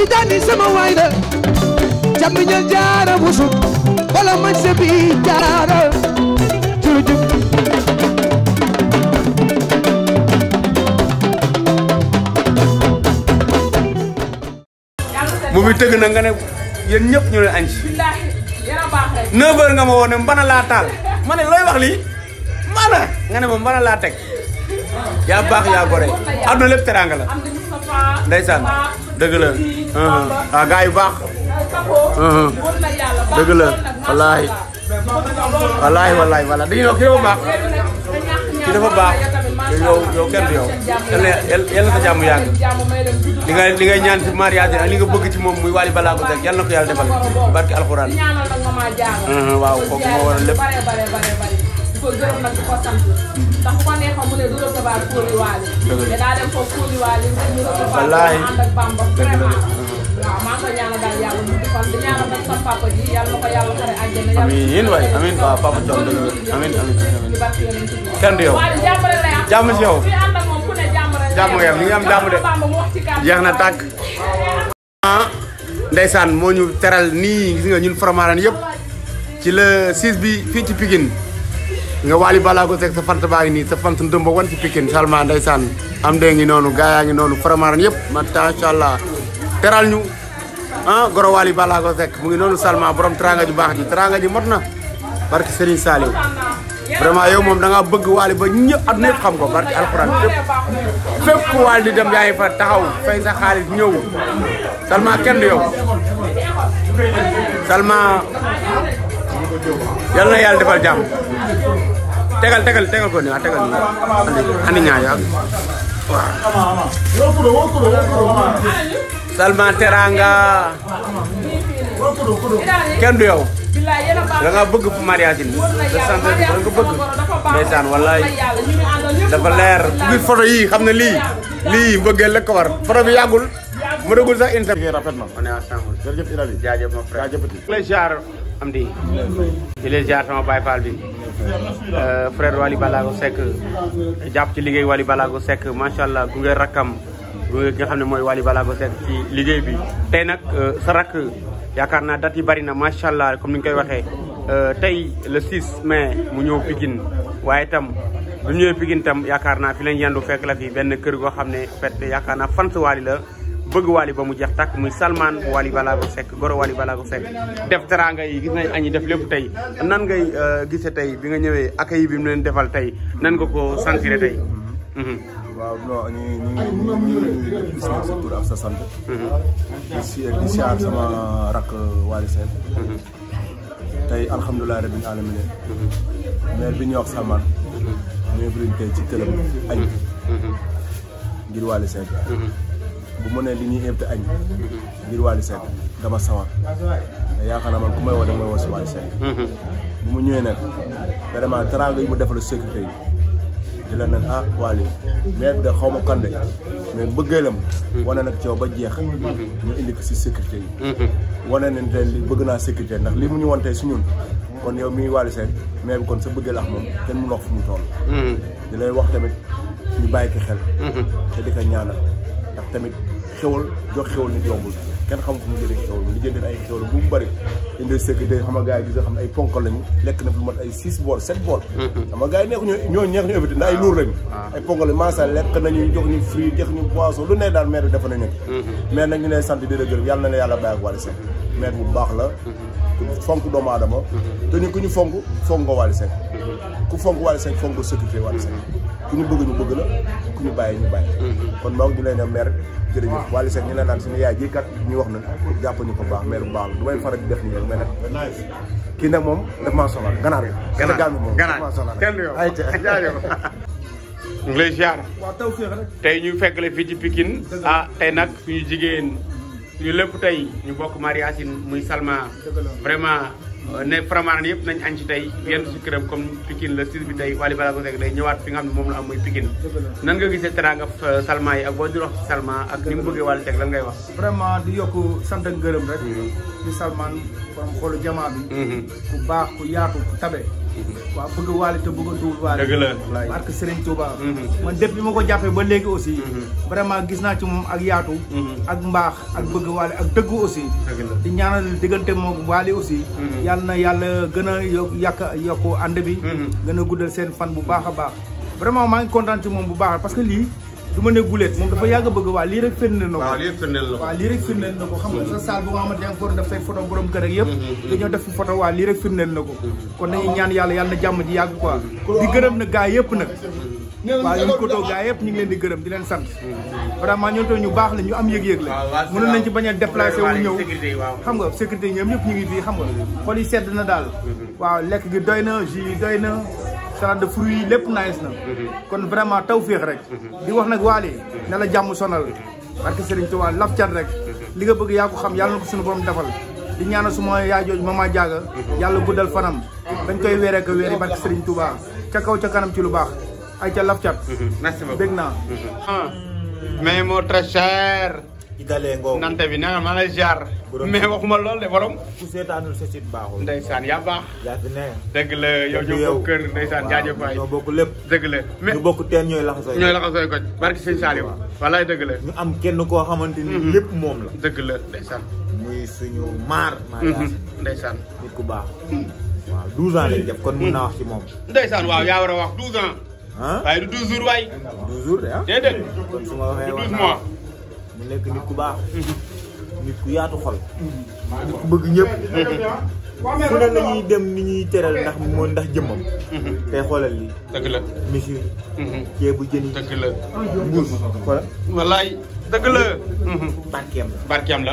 tijaani sama waay la camiñal jaara busu wala man sebi jaara jurujub bu bi tëgg na nga ne yéen ñëpp ñu leen añ ci nga ma woo mbana laa taal ma ne looy wax lii mana nga ne ma mbana laa teg yaa baax yaa gore àdduna lépp teraanga la ndeysaan dëgg la uh-huh. ah gars yu baax. Uh-huh. dëgg la wallaahi. wallaahi wallaahi wallaahi dañuy wax kii baax kii dafa baax yow yow kenn yow. yàlla sa jàmm yàgg li ngay li ngay ñaan ci mariage ak li nga bëgg ci moom muy Wally Ballago Seck yàlla na ko yàlla defal barki alxuraan. Uh-huh, waaw kooku moo waral lépp. ko gërëm nag di ko sant ndax bu ko neexoon mu na ko yàlla la yow jàmm si yow jàmm nga ñu ngi am jàmm de jeex na ah, ndeysaan moo teral nii gis nga ñun Faramareen yëpp ci le 6 bi fii ci Pikine nga Wally Ballago Seck sa fant baa ngi nii sa fant ndëmba wan ci Pikine Salma ndeysaan am dee ngi noonu gaa yaa ngi noonu faramaran yëpp macha allah teral ñu ah goro Wally Ballago Seck mu ngi noonu Salma borom teranga ju baax ji teranga ji mot na barke Serigne Saliou vraiment yow moom da ngaa bëgg Wally ba ñëpp at ñëpp xam ko barke alxuraan fépp fépp ku Wally di dem yaa ngi fa taxaw fay sa xaalis ñëw Salma kenn du Salma yal na yàlla defal jàmm tegal tegal tegal ko tegal nii andi ñaar yaa waaw. kenn du yow da nga bëgg fu mariage bi da sant da nga bëgg dafa leer. bu photo yi xam ne lii lii mbëggeel la ko war photo bi yàggul. ma dugul sax inter. rafet na. on est ensemble. jërëjëf Idaly. jaajëf ma frère jaajëfati. les am di. di leen jaar sama Baye euh, frère Wali Balago Seck jàpp ci liggéey Wali Balago sekk macha allah gunge rakkam gunge nga xam ne mooy Wali Balago Seck ci liggéey bi. tey nag euh, sa rakk yaakaar naa date yi bari na macha allah comme ni ñu koy waxee euh, tey le 6 mai mu ñëw Pikine waaye tam. bu ñëwee Pikine tam yaakaar naa fi lañ yendu fekk la fi benn kër goo xam ne fet yaakaar naa fans Wally la bëgg waali ba mu jeex tàkk muy Salman Wally Ballago Seck goro Wally Ballago Seck def teraanga yi gis nañ añi def lépp tey nan ngay euh, gise tey bi nga ñëwee ak accueil bi mu leen defal tey nan nga ko sentir tey mhm. waaw non ñu ñu ñu gis nañ sa tur ak sa sant mhm. di siyaar sama rakk Wally mhm. bi ñuy wax Salman ñëw bi tey ci këram añ ngir Wally Seck bu mu nee li ñuy invité añ ngir Wally Seck dama sawar te yaakaar naa man ku may woo da may woo si Wally bu mu ñëwee nag vraiment teraanga yi mu defal sécurité yi di la nag ah Wally mais da xaw ma kan de mais bëggeelam wane nag coow ba jeex ñu indi ko yi wane ne te li bëgg naa sécurité ndax li mu ñu wantee tey si ñun kon yow mi Wally Seck mais bi kon sa bëggeel la moom kenn mu wax fu mu toll mm-hmm. di lay wax tamit ñu bàyyi ko xel mm-hmm. te di ko ndax tamit xewal jox xewal nit yombul kenn xamul fu mu jëlee xewal li jëndee ay xewal bu mu bëri indi sëkk de xam nga gars xam ne ay ponkal lañu lekk na bu mat ay six bool sept bool xam nga gars yi neex ñu ñoo neex ñu évité ndax ay luur lañu ah. ay ponkal lañu maasa lekk nañu jox ñu fruit jox ñu poisson lu ne daal maire bi defa nañu mais nag ñu ne sant di la gërëm yàlla na la yàlla bàyyi ak Wally Seck bu baax la fonk doomu aadama te ñu ku ñu fonk fonk nga Wally Seck ku fonk Wally Seck fonk nga sécurité Wally ku ñu bëgg ñu bëgg la ku ñu bàyyi ñu bàyyi mm-hmm. kon moom ñu lay ne maire jërëjëf Wally Seck ñu la naan suñu yaay ji kat ñu wax na jàpp ñu ko baax maire bu baax la du may faral di def nii rek mais nag kii nag moom daf maa sonal ganaar yi Sénégal bi moom daf maa sonal ay ñu lay tey ñu fekk la fii ci Pikine ah tey nag suñu jigéen suñu lépp tey ñu bokk mariage muy Salma vraiment ne Faramareen yëpp nañ añ ci tey yenn ci këram comme Pikine la sis bi tey Wally Ballago Seck day ñëwaat fi nga xam ne moom la am muy Pikine nan nga gisee teraanga euh, Salma yi ak boo di wax ci Salma ak ni mu bëggee Wally Seck ngay wax vraiment di yokk sant ak gërëm rek mm-hmm. di Salman borom xoolu jamaa bi mm-hmm. ku baax ku yaatu ku tabe waaw bëgg waale te bëgg a duwul waale dëgg la mhm. man depuis bi ma ko jàppee ba léegi aussi mhm. vraiment gis naa ci moom ak yaatu mhm. ak mbaax ak bëgg waale ak dëggu aussi di ñaanal diggante moom waale aussi yàlla na yàlla gën a yokk yàq yokk ànd bi gën a guddal seen fan bu baax a baax vraiment maa ngi kontaan ci moom bu baax parce que lii du ma ne guleet moom dafa yàgg a bëgg waa lii rek firndeel na ko waaw lii rek firndeel na ko xam nga sa saal bu nga xamante yaa ngi ko doon mm-hmm. mm-hmm. yàgg quoi di gaa yëpp nag mm-hmm. waaw leen di gërëm di leen sant vraiment ñoom tamit ñu baax la am yëg-yëg la mënoon nañ ci bañ a wu ñëw xam nga sécurité ñoom ñëpp ñu ngi fii xam nga xol yi sedd na daal waaw lekk gi doy na jus yi doy na salade de fruits lépp nice na mhm. kon vraiment taw féex rek mhm. di wax nag waale mhm. ne la jàmm sonal barke Serigne Touba laf cat rek li nga bëgg yaa ko xam yàlla na ko suñu borom defal di ñaanal suma yaay jooju mama jaaga yàlla guddal fanam dañ koy weeree ko weeri barke Serigne Touba ca kaw ca kanam ci lu baax ay ca laf cat merci beaucoup bég naa ah. mais moo très cher Idalee Ngom nante bi nee na ma lay jaar. mais waxuma lool de borom. ku seetaanul sa site baaxul. ndeysaan yaa baax. yaa fi ne. dëgg la yow ñoo bokk kër ndeysaan jaajëf waay ñoo bokk lépp. dëgg la mais ñu bokk teen ñooy laxasooy. ñooy laxasooy ko barki sëñ Saliou. walaay dëgg la. ñu am kenn koo xamante ni mhm. lépp moom la. dëgg la ndeysaan. muy suñu maar. maanaam mhm, ndeysaan. nit ku baax. waaw 12 ans lañ def kon mën naa wax ci moom. Mhm. ndeysaan waaw yaa war a wax 12 ans. waaye du 12 jours waay. 12 jours de ah. déedéet du 12 mois. mu nekk nit ku baax nit ku yaatu xol nit ku bëgg ñëpp fu ne la ñuy dem ni ñuy teral ndax moo ndax jëmmam tey xoolal lii dëgg la misir mhm. ceebu jën yi dëgg la mbuus xoolal wallaay dëgg la mhm. barkeem la barkeem la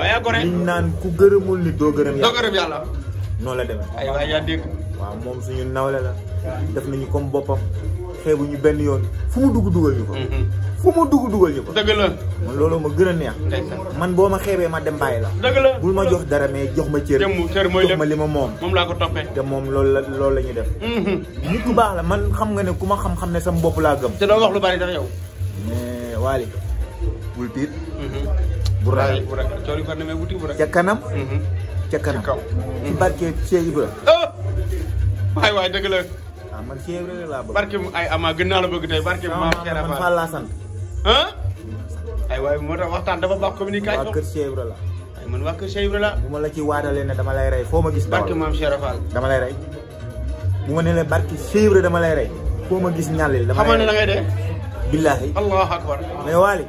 naan ku gërëmul nit doo gërëm yàlla doo gërëm la dem ay waay yaa waaw moom suñu nawle la def nañu comme boppam xeebu ñu benn yoon fu mu dugg dugal ñu ko mhm. fu mu dugg dugal ñu la. man loolu ma gën a neex. man boo ma xeebee ma dem bàyyi la. dëgg la bul ma jox dara mais jox ma cër. cër mooy jox ma li ma moom. moom laa ko toppee. te moom loolu la loolu la ñuy def. Mm-hmm. nit ku baax la man xam nga ne ku ma xam-xam ne sama bopp laa gëm. te doo wax lu bari dara yow. mais waali bul tiit. Mm-hmm. bu ragal bu ragal coono ko demee wuti bu ragal. Mm-hmm. ca kanam. ca kaw. ci barke Cheikh Ibra. Ah! waay waay dëgg la. ah man Cheikh barke mu ay ama gën naa la bëgg tey barke mu. maa man Fall ah ay waaye moo tax waxtaan dafa baax communication. waa Kër Cheikh la. man waa Kër Cheikh la. bu ma la ci waadalee ne dama lay rey foo ma gis. barke maam Cheikh dama lay rey. bu ma nee la barke dama lay rey. foo ma gis ñàllil dama lay rey xamal ne la ngay dee. billaahi. allahu akbar. mais Waly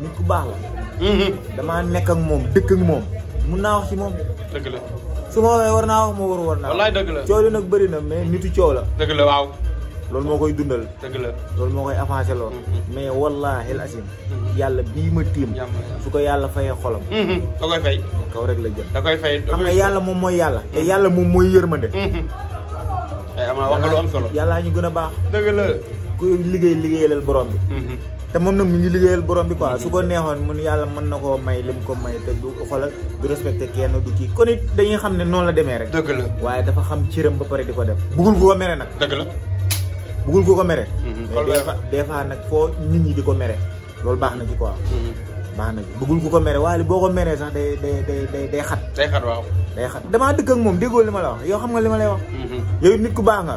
nit ku baax la. Mhm. dama nekk moom dëkk ak moom. mun naa wax ci moom. dëgg la. su ma waxee war naa wax ma war war naa. wallaay dëgg la coow li nag bëri na mais nitu coow la. dëgg la waaw. loolu moo koy dundal. dëgg la loolu moo koy avancé loo. Mm-hmm. Mm-hmm. mais wallaahi al asim mm-hmm. yàlla bii ma tiim. su ko yàlla fayee xolam. da koy fay. kaw rek la jëm. da koy fay xam nga yàlla moom mooy yàlla. te yàlla moom mooy yërmande. ay eh, ama wax nga lu solo. yàllaa ñu gën a baax. dëgg la ku liggéey liggéeyalal borom bi. te moom nag mu ngi liggéeyal borom bi ko su ko neexoon mun yàlla mën na koo may lim ko may te du xoolal du respecté kenn du kii kon it dañuy xam ne noonu la demee rek. dëgg la waaye dafa xam cëram ba pare di ko def. bugul ko mere nag. dëgg la. bëggul ko ko mere. Mhm. mais des fois nag foo nit ñi di ko mere loolu baax na ci quoi. Mhm. baax na bëggul ku ko mere waaye boo ko meree sax day day day day xat. day xat waaw. damaa dëkk moom déggoo li ma la wax yow xam nga li ma lay wax. Mm-hmm. yow nit ku baax nga.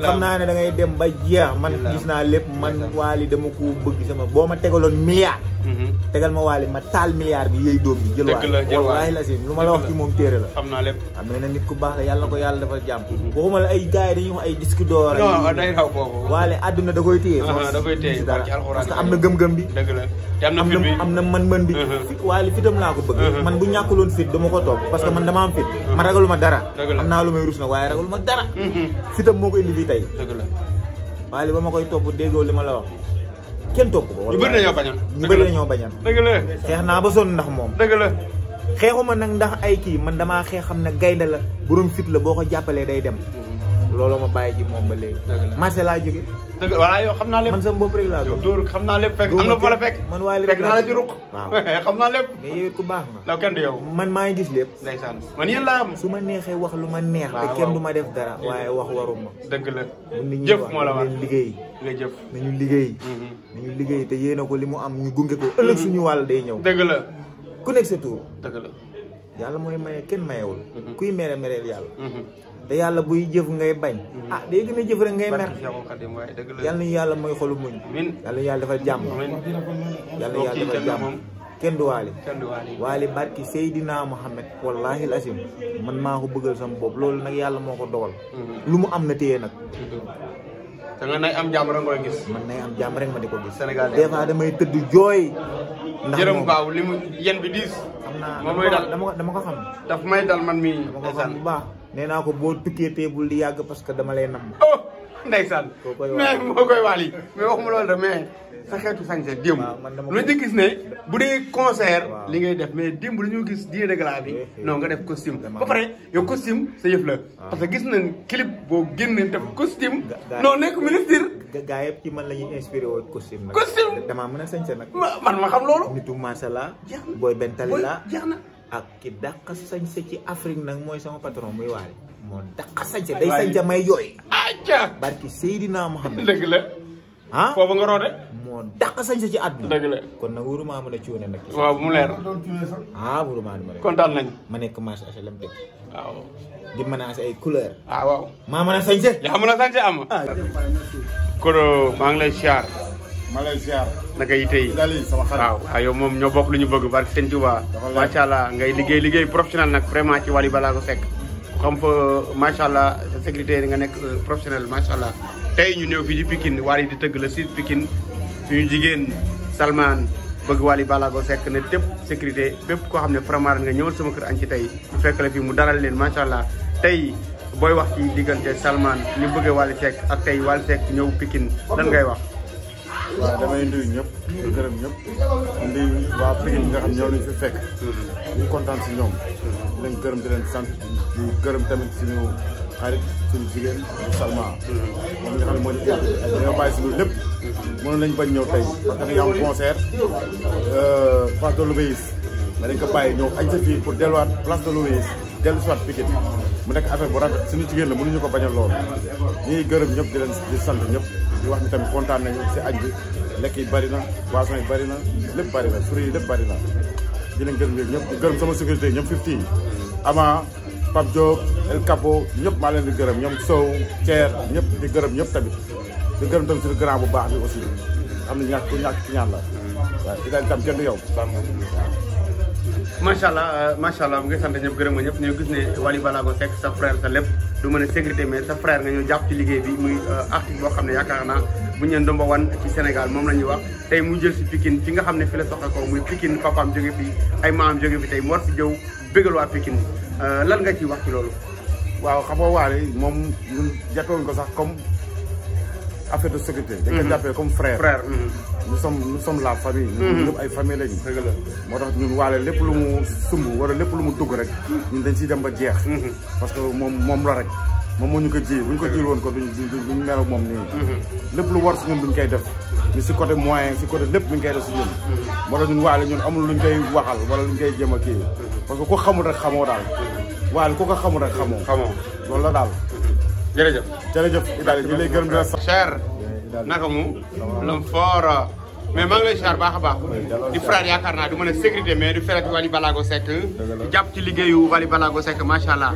xam naa ne da ngay dem ba jeex man gis naa lépp man waali dama ko bëgg sama boo ma tegaloon milliard. Mm-hmm. tegal ma waali ma taal milliard bi yëy doom bi. jël waali la wallaahi lu ma la wax ci moom téere la. xam naa lépp am nit ku baax la yàlla ko yàlla dafa jàmm. Mm-hmm. waxuma la ay gars yi dañuy wax ay disque d'or. non day xaw foofu. waale àdduna da koy téye. Ah, da koy téye parce que am na gëm-gëm bi. dëgg la te am dem man mën bi mhm. fit waaye fitam laa ko bëgg mhm. man bu ñàkk ñàkkuloon fit dama ko toog parce que man dama am fit mhm. ma ragalu ma dara am naa lu may rus na waaye ragalu ma dara fitam moo ko indi fii tey waaye ba ma koy topp déggoo li ma la wax kenn topp ko ñu bëri nañoo bañal ñu bëri nañoo bañal dëgg la xeex naa ba sonn ndax moom dëgg la xeexuma nag ndax ay kii man damaa xeex xam ne gaynde la borom fit la boo ko jàppalee day dem looloo ma bàyyi ci moom ba léegi. marché laa jóge. dëgg xam naa lépp man sama bopp rek xam naa lépp fekk am na fa la fekk. man waaye lépp fekk naa la ci ruq. waaw baax nga. law yow. man maa ngi gis lépp. ndeysaan man yéen laa am. su ma neexee wax lu ma neex. waaw te kenn du ma def dara. waaye wax waruma. dëgg la jëf moo la war nit ñi wax liggéey. nga jëf nañu liggéey. Mhm. nañu liggéey te yéena ko li mu am ñu gunge ko. ëllëg mhm. suñu wàll day ñëw. dëgg la ku nekk sa tur. dëgg la yàlla mooy maye kenn mayewul. Mhm. kuy mere mereel yàlla te yàlla buy jëf ngay bañ ah day gën a jëf rek ngay mer yal nañu yàlla mooy xolu muñ yàlla yàlla defal jàmm yàlla yàlla defal jàmm kenn du waali waali barki Seydina Mohamed wallahi lasim man maa ko bëggal sama bopp loolu nag yàlla moo ko dogal mhm. lu mu am na téye nag te nga nay gis. man nay am jàmm rek ma di ko gis. Sénégal damay tëdd jooy. ndax jërëm baaw li mu yen bi dama ko dama ko daf may dal man mii. bu baax. nee naa ko boo tukkee tee di yàgg parce que dama lay nam. oh ndeysaan. koo koy mais moo koy waali mais waxuma loolu de mais sa xeetu sañse démb. lu ñu gis ne bu dee concert. li ngay def mais démb dañoo gis dîner de gala bi. nga def costume. ba pare yow costume sa yëf la. Ah. parce que gis nañ clip boo génne def costume. non nekk ministre. gaa yëpp ci man la ñuy inspiré woo costume. costume damaa mën a sañse nag. man ma xam loolu. nitu marché la. booy benn tali la na. ak ki dàq sañse ci Afrique nag mooy sama patron muy waale moo dàq sañse day sañse may yooyu acca barki Seydina Muhammad moo dàq sañse ci àdduna dëgg la kon nag wóorumaa mën a cuune nag waaw mu kontaan nañ ma nekk marché HLM dëgg waaw ay couleur ah waaw maa mën a sañse yaa mën sañse am ah. kon maa ngi lay char Malaysia. naka yi tey waaw waaw yow moom ñoo bokk lu ñu bëgg barke sëñ Touba macha allah ngay liggéey liggéey professionnel nag vraiment ci Wally Ballago Seck xam fa macha allah sa sécurité nga nekk euh, professionnel macha allah tey ñu ñëw fii ci Pikine Wally di tëgg la si Pikine suñu jigéen Salman bëgg bala goo sekk ne tépp sécurité bépp koo xam ne framaren nga ñëwal sama kër añ ci tey bu fekk la fii mu daral leen macha allah tey booy wax ci diggante Salman ñu bëggee Wally Seck ak tey Wally Seck ñëw pikin lan ngay wax waaw damay nuyu ñëpp di gërëm ñëpp nuyu waa Pikine nga xam ñoo lañ fi fekk ñu kontaan si ñoom di leen gërëm di leen sant di gërëm tamit suñu xarit suñu jigéen bu Salma moom nga xam ne moo di jël dañoo bàyyi suñu lépp mënoon lañ bañ ñëw tey parce que dañuy am concert euh, place de l'Obélisque mais dañ ko bàyyi ñëw añ sa fii pour delluwaat place de l'Obélisque dellu si waat Pikine mu nekk affaire bu rafet suñu jigéen la mënuñu ko bañal loolu ñuy gërëm ñëpp di leen di sant ñëpp di wax ni tamit kontaan nañu si añ bi lekk yi bari na boisson yi bari na lépp bari na yi lépp bari na di leen gërëm yéen ñëpp di gërëm sama sécurité ñoom fifty yi ama Pape Diop El Capo ñëpp maa leen di gërëm ñoom Sow Thier ñëpp di gërëm ñëpp tamit di gërëm tamit suñu grand bu baax bi aussi xam ne ñàkk ku ñàkk ci ñaan la waaw itam kenn du yow macha allah euh, macha allah mu ngi sant ñëpp gërëm nga ñëpp ñu gis ne Wally Ballago Seck sa frère sa lépp du mën a sécurité mais sa frère nga ñëw jàpp ci liggéey bi muy euh, artiste boo xam ne yaakaar naa bu ñu leen domba wan ci Sénégal moom la ñuy wax tey mu jël si Pikine fi nga xam ne fi la soxe ko muy Pikine papaam jóge fi ay maam jóge fi tey mu war fi jëw bégal waa Pikine euh, lan nga ciy wax ci loolu waaw xam nga waale moom ñun jàppewuñ ko sax comme affaire de sécurité dañ ko mm-hmm. jàppee comme frère mm-hmm. nous sommes nous sommes la famille. ñun mhm. ñëpp ay famille lañu. dëgg la moo tax ñun waale lépp lu mu sumb wala lépp lu mu dugg rek. ñun dañ ciy dem ba jeex. Mhm. parce que moom moom la rek. moom moo ñu ko ji bu ñu ko jiil woon ko duñ duñ mel moom nii. Mhm. lépp lu war si ñun duñ koy def. ñu si côté moyen si côté lépp mi ngi koy def si ñun. moo tax ñun waale ñun amul luñ koy waxal wala luñ koy jëm a kii. parce que ku xamul rek xamoo daal. waale ku ko xamul rek xamoo. xamoo loolu la daal. jërëjëf jërëjëf Idaly ñu lay gërëm di la sax. cher. naka mu lam foora euh, mais maa ngi lay siyaar baax a baax di frère yaakaar naa du ma ne sécurité mais du fekk Wally Ballago Seck jàpp ci liggéeyu Wally Ballago sekk macha allah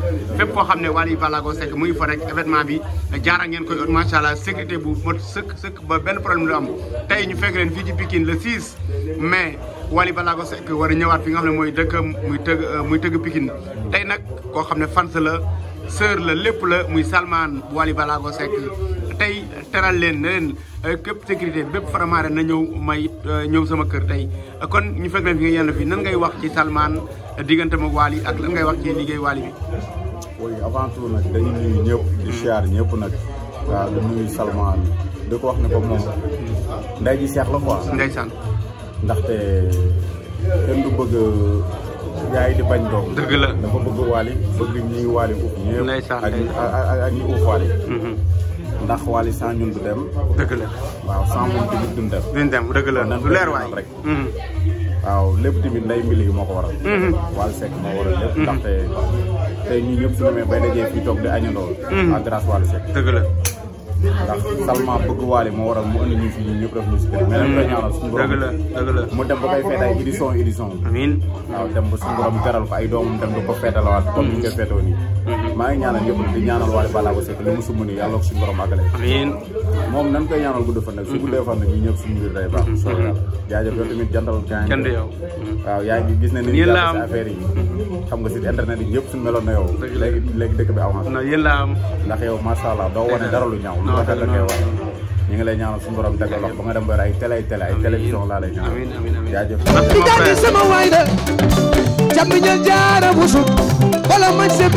koo xam ne Wally Ballago Seck mu ngi fa rek événement bi jaara ngeen koy ot macha allah sécurité bu mot sëkk sëkk ba benn problème du am tey ñu fekk fii ci Pikine le 6 mai Wally Ballago Seck war a ñëwaat fi nga xam ne mooy dëkk muy tëgg euh, muy tëgg Pikine tey nag koo xam ne fans la sœur la lépp la muy Salman Wally Ballago Seck teral leen ne leen euh, képp sécurité bépp faramaare na ñëw may euh, ñëw sama kër tey kon ñu fekk leen fi nga nan ngay wax ci Salman euh, diggante ma Wally ak la ngay wax ci liggéey Wally bi oui avant tout nag dañuy nuyu ñëpp di mm-hmm. siyaar ñëpp nag waaw di nuyu Salman di ko wax ne ko moom mm-hmm. nday ji seex la quoi ndeysaan ndaxte kenn du bëgg yaa ngi di bañ doom. dëgg la dafa bëgg waali bëgg ñi waali uuf ñëpp. ndeysaan ak ñi uuf waali. Mm-hmm. ndax Wally sans ñun du dem. dëgg la waaw sans moom tamit duñ dem. duñ dem dëgg la du leer waay rek. Mhm. waaw lépp tamit nday mbili gi moo ko waral. Mhm. Wally Seck moo waral lépp. Mhm. ndaxte tey ñun ñëpp su demee bay dajee fii toog di añandoo. à ah, grâce Wally Seck dëgg la. ndax Salma bëgg waale moo waral mu indi ñu fi ñun ñu si kër. Hmm. mais nag ñaanal suñu borom dëgg la dëgg la mu dem ba koy feet ay édition édition. amiin waaw dem ba suñu borom garal ko ay doomam dem di ko feetalawaat. comme ni ñu koy feetoo nii. Hmm. maa ngi ñaanal balaa ba sekk li mu sumb nii yàlla ko suñu borom moom nan koy ñaanal gudd fan nag. su guddee fan nag ñu ñëpp hmm. jantal gaañ. kenn yaa ngi gis ne ni ñu jàpp si affaire xam nga site internet yi ñëpp suñu meloon na yow léegi léegi dëkk bi avancé la am ndax yow dara lu ñaaw lu rafet la koy wane ñu ngi lay ñaanal suñu borom teg loxo ba nga dem ba ay télé ay télé ay télévision laa lay ñaanal jaajëf di daal sama waay la jàmm ñal jaara busut wala mañ se